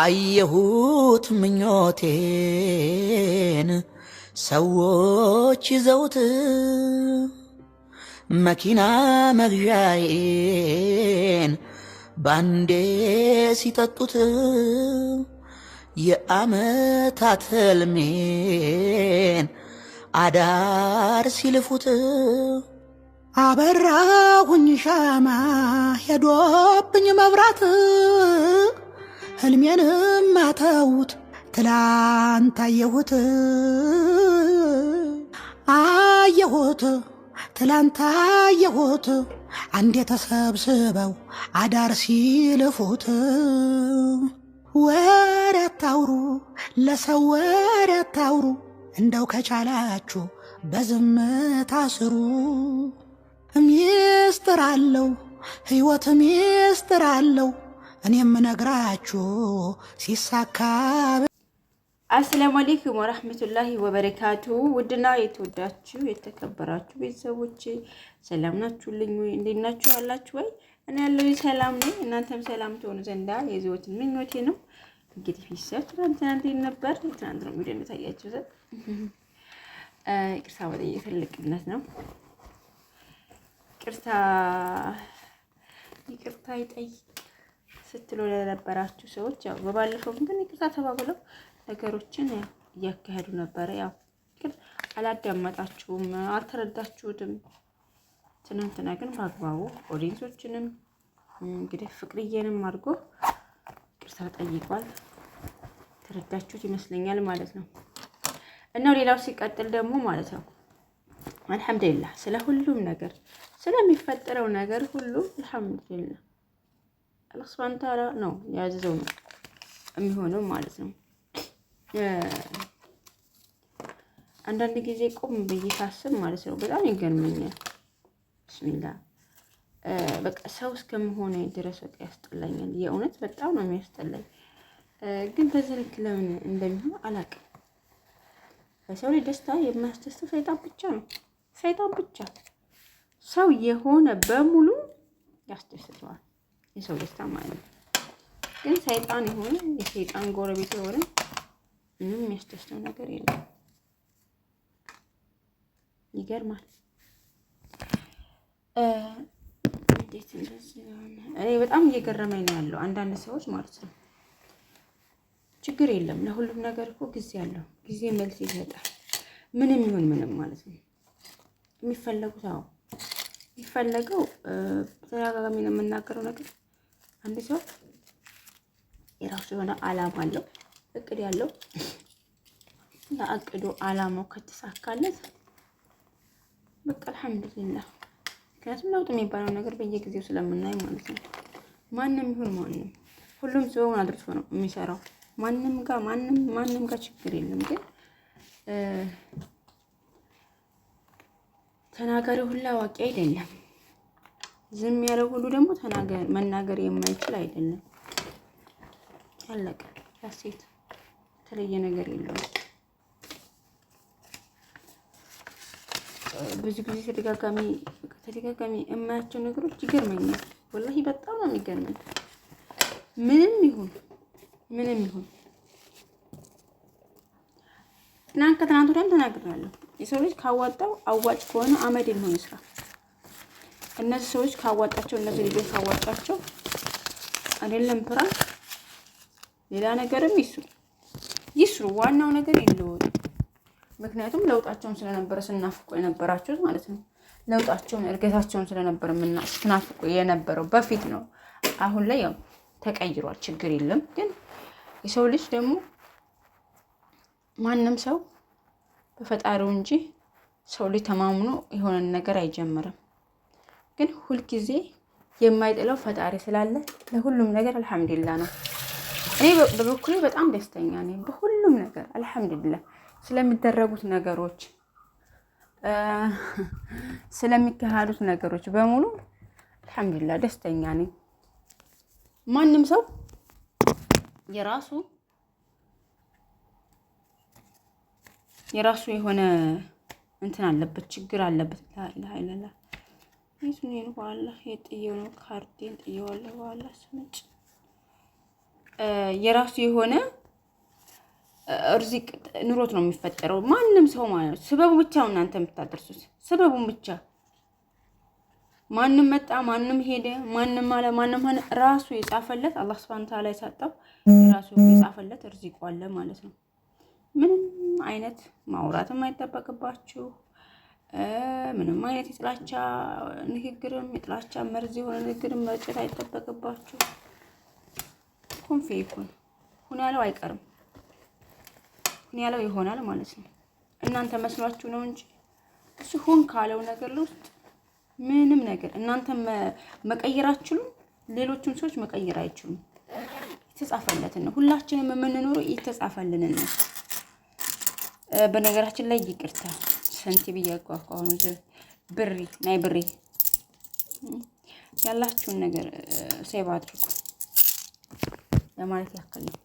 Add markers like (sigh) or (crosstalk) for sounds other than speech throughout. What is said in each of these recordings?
አየሁት ምኞቴን ሰዎች ይዘውት መኪና መግዣዬን ባንዴ ሲጠጡት የአመታት ሕልሜን አዳር ሲልፉት አበራሁኝ ሻማ ሄዶብኝ መብራት ህልሜንም አተውት ትላንት አየሁት አየሁት ትላንት አየሁት አንዴ ተሰብስበው አዳር ሲልፉት ወሬ አታውሩ ለሰው ወሬ አታውሩ እንደው ከቻላችሁ በዝምታ ስሩ። ሚስጥር አለው ሕይወት ሚስጥር አለው እኔ የምነግራችሁ ሲሳካ። አሰላሙ አሌይኩም ወረህመቱላሂ ወበረካቱ። ውድና የተወዳችሁ የተከበራችሁ ቤተሰቦች ሰላም ናችሁልኝ? እንዴት ናችሁ? አላችሁ ወይ? እኔ ያለው ሰላም ነኝ። እናንተም ሰላም ትሆኑ ዘንዳ የዘወትን ምኞቴ ነው። እንግዲህ ፊሰብ ትናንትና እንዴት ነበር? ትናንት ነው ሚዲዮ እንደታያችሁ ዘ ቅርሳ ወደ ትልቅነት ነው ቅርሳ ይቅርታ ይጠይቅ ስትሉ ለነበራችሁ ሰዎች ያው በባለፈው ግን ይቅርታ ተባብለው ነገሮችን እያካሄዱ ነበረ። ያው ግን አላዳመጣችሁም፣ አልተረዳችሁትም። ትናንትና ግን በአግባቡ ኦዲንሶችንም እንግዲህ ፍቅርዬንም አድርጎ ቅርሳ ጠይቋል። ተረዳችሁት ይመስለኛል ማለት ነው። እና ሌላው ሲቀጥል ደግሞ ማለት ነው አልሐምዱሊላህ ስለ ሁሉም ነገር ስለሚፈጠረው ነገር ሁሉ አልሐምዱሊላህ አላህ ሱብሃነሁ ወተዓላ ነው ያዘዘው ነው የሚሆነው ማለት ነው። አንዳንድ ጊዜ ቆም ብዬ ሳስብ ማለት ነው በጣም ይገርመኛል። ብስሚላ በቃ ሰው እስከመሆነ ድረስ በቃ ያስጠላኛል። የእውነት በጣም ነው የሚያስጠላኝ። ግን በዚህ ልክ ለምን እንደሚሆን አላውቅም። በሰው ላይ ደስታ የማያስደስተው ሰይጣን ብቻ ነው። ሰይጣን ብቻ ሰው የሆነ በሙሉ ያስደስተዋል። የሰው ደስታ ማለት ነው። ግን ሰይጣን የሆነ የሰይጣን ጎረቤት የሆነ ምንም የሚያስደስተው ነገር የለም። ይገርማል። እንዴት እንደዚህ እኔ በጣም እየገረመኝ ነው ያለው አንዳንድ ሰዎች ማለት ነው። ችግር የለም ለሁሉም ነገር እኮ ጊዜ አለው። ጊዜ መልስ ይሰጣል። ምንም ይሁን ምንም ማለት ነው የሚፈለጉት አዎ የሚፈለገው ተደጋጋሚ ነው የምናገረው ነገር አንድ ሰው የራሱ የሆነ አላማ አለው፣ እቅድ ያለው ለአቅዶ አላማው ከተሳካለት በቃ አልሐምዱሊላህ። ምክንያቱም ለውጥ የሚባለው ነገር በየጊዜው ስለምናይ ማለት ነው። ማንም ይሁን ማንም ሁሉም ሰውን አድርሶ ነው የሚሰራው። ማንም ጋር ማንም ማንም ጋር ችግር የለም ግን ተናጋሪ ሁላ አዋቂ አይደለም። ዝም ያለው ሁሉ ደግሞ ተናገር መናገር የማይችል አይደለም። አለቀ። ያሴት የተለየ ነገር የለውም። ብዙ ጊዜ ተደጋጋሚ ተደጋጋሚ የማያቸው ነገሮች ይገርመኛል። ወላሂ በጣም ነው የሚገርመኝ። ምንም ይሁን ምንም ይሁን ትናንት ከትናንት ወዲያም ተናግራለሁ። የሰው ልጅ ካዋጣው አዋጭ ከሆነ አመድ የሚሆን ይስራ እነዚህ ሰዎች ካዋጣቸው እነዚህ ልጆች ካዋጣቸው አይደለም ፍራ ሌላ ነገርም ይስሩ ይስሩ። ዋናው ነገር ይለወጡ። ምክንያቱም ለውጣቸውን ስለነበረ ስናፍቆ የነበራችሁት ማለት ነው። ለውጣቸውን እድገታቸውን ስለነበረ ስናፍቆ የነበረው በፊት ነው። አሁን ላይ ያው ተቀይሯል፣ ችግር የለም። ግን የሰው ልጅ ደግሞ ማንም ሰው በፈጣሪው እንጂ ሰው ልጅ ተማምኖ የሆነን ነገር አይጀምርም። ግን ሁልጊዜ የማይጥለው ፈጣሪ ስላለ ለሁሉም ነገር አልሐምዱሊላ ነው። እኔ በበኩሌ በጣም ደስተኛ ነኝ በሁሉም ነገር አልሐምዱሊላ። ስለሚደረጉት ነገሮች፣ (laughs) ስለሚካሄዱት ነገሮች በሙሉ አልሐምዱሊላ ደስተኛ ነኝ። ማንም ሰው የራሱ የራሱ የሆነ እንትን አለበት ችግር አለበት ላ የቱኔን በኋላ የጥየውን ካርዴን ጥየዋለሁ። በኋላ ስመጭ የራሱ የሆነ እርዚቅ ኑሮት ነው የሚፈጠረው። ማንም ሰው ማለት ነው። ስበቡ ብቻ ነው እናንተ የምታደርሱት፣ ስበቡን ብቻ። ማንም መጣ፣ ማንም ሄደ፣ ማንም አለ፣ ማንም ሆነ፣ ራሱ የጻፈለት አላህ ስብሐነ ተዓላ የሰጠው የራሱ የጻፈለት እርዚቁ አለ ማለት ነው። ምንም አይነት ማውራትም አይጠበቅባችሁ። ምንም አይነት የጥላቻ ንግግርም የጥላቻ መርዝ የሆነ ንግግርም መርጨት አይጠበቅባችሁ። ሁን ፌኩን ሁን ያለው አይቀርም፣ ሁን ያለው ይሆናል ማለት ነው። እናንተ መስሏችሁ ነው እንጂ እሱ ሁን ካለው ነገር ውስጥ ምንም ነገር እናንተ መቀየር አትችሉም፣ ሌሎችም ሰዎች መቀየር አይችሉም። የተጻፈለትን ነው። ሁላችንም የምንኖረው የተጻፈልንን ነው። በነገራችን ላይ ይቅርታ ሰንቲ ብያቋቋሁ ነው። ብሪ ናይ ብሪ ያላችሁን ነገር ሴቭ አድርጉ ለማለት ያክል ነው።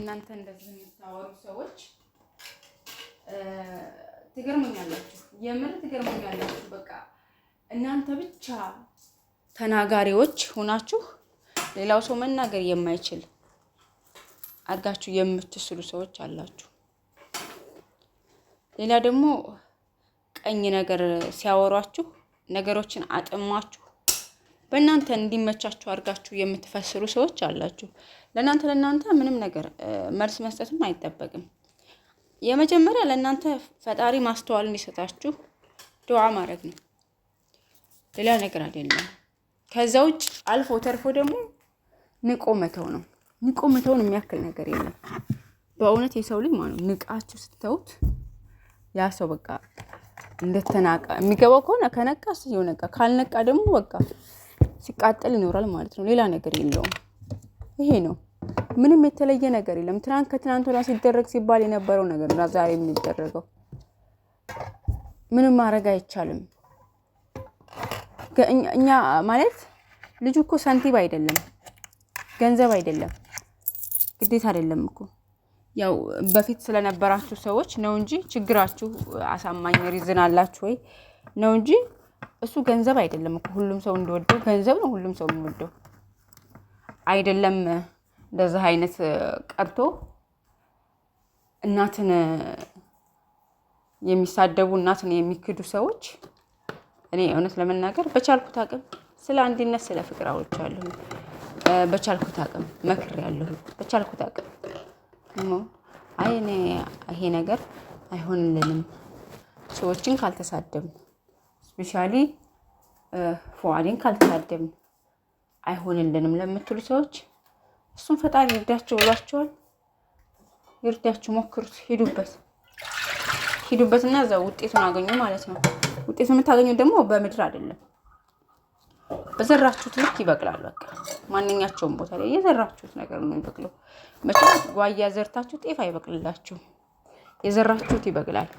እናንተ እንደዚህ የምታወሩ ሰዎች ትገርሙኛላችሁ፣ የምር ትገርሙኛላችሁ። በቃ እናንተ ብቻ ተናጋሪዎች ሆናችሁ ሌላው ሰው መናገር የማይችል አድጋችሁ የምትስሉ ሰዎች አላችሁ። ሌላ ደግሞ ቀኝ ነገር ሲያወሯችሁ ነገሮችን አጥማችሁ በእናንተ እንዲመቻችሁ አድርጋችሁ የምትፈስሩ ሰዎች አላችሁ። ለእናንተ ለእናንተ ምንም ነገር መልስ መስጠትም አይጠበቅም። የመጀመሪያ ለእናንተ ፈጣሪ ማስተዋል እንዲሰጣችሁ ድዋ ማድረግ ነው። ሌላ ነገር አይደለም። ከዛ ውጭ አልፎ ተርፎ ደግሞ ንቆ መተው ነው። ንቆ መተውን የሚያክል ነገር የለም። በእውነት የሰው ልጅ ማለት ንቃችሁ ስትተውት ያ ሰው በቃ እንደተናቀ የሚገባው ከሆነ ከነቃ ስየው ነቃ፣ ካልነቃ ደግሞ በቃ ሲቃጠል ይኖራል ማለት ነው። ሌላ ነገር የለውም። ይሄ ነው። ምንም የተለየ ነገር የለም። ትናንት ከትናንት ወዲያ ሲደረግ ሲባል የነበረው ነገር ነው ዛሬ የሚደረገው። ምንም ማድረግ አይቻልም። እኛ ማለት ልጁ እኮ ሳንቲም አይደለም ገንዘብ አይደለም ግዴታ አይደለም እኮ ያው በፊት ስለነበራችሁ ሰዎች ነው እንጂ ችግራችሁ አሳማኝ ሪዝን አላችሁ ወይ ነው እንጂ እሱ ገንዘብ አይደለም እኮ ሁሉም ሰው እንደወደው ገንዘብ ነው ሁሉም ሰው የሚወደው አይደለም። እንደዚህ አይነት ቀርቶ እናትን የሚሳደቡ እናትን የሚክዱ ሰዎች እኔ እውነት ለመናገር በቻልኩት አቅም ስለ አንድነት፣ ስለ ፍቅር አውርቻለሁ። በቻልኩት አቅም መክሬያለሁ። በቻልኩት አቅም አይ እኔ ይሄ ነገር አይሆንልንም ሰዎችን ካልተሳደብን ስፔሻሊ ፉአዴን ካልተሳደብን አይሆንልንም ለምትሉ ሰዎች እሱም ፈጣሪ ይርዳችሁ ብሏቸዋል። ይርዳችሁ፣ ሞክሩት፣ ሂዱበት ሂዱበትና እዛ ውጤቱን አገኙ ማለት ነው። ውጤቱን የምታገኙ ደግሞ በምድር አይደለም። በዘራችሁት ልክ ይበቅላል። በቃ ማንኛቸውም ቦታ ላይ የዘራችሁት ነገር ነው የሚበቅለው። መቼ ጓያ ዘርታችሁ ጤፍ አይበቅልላችሁ፣ የዘራችሁት ይበቅላል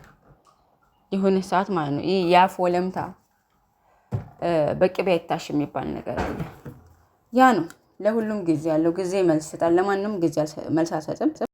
የሆነ ሰዓት ማለት ነው። ይህ የአፍ ወለምታ በቅቤ አይታሽ የሚባል ነገር አለ። ያ ነው። ለሁሉም ጊዜ ያለው ጊዜ መልስ ይሰጣል። ለማንም ጊዜ መልስ አልሰጥም።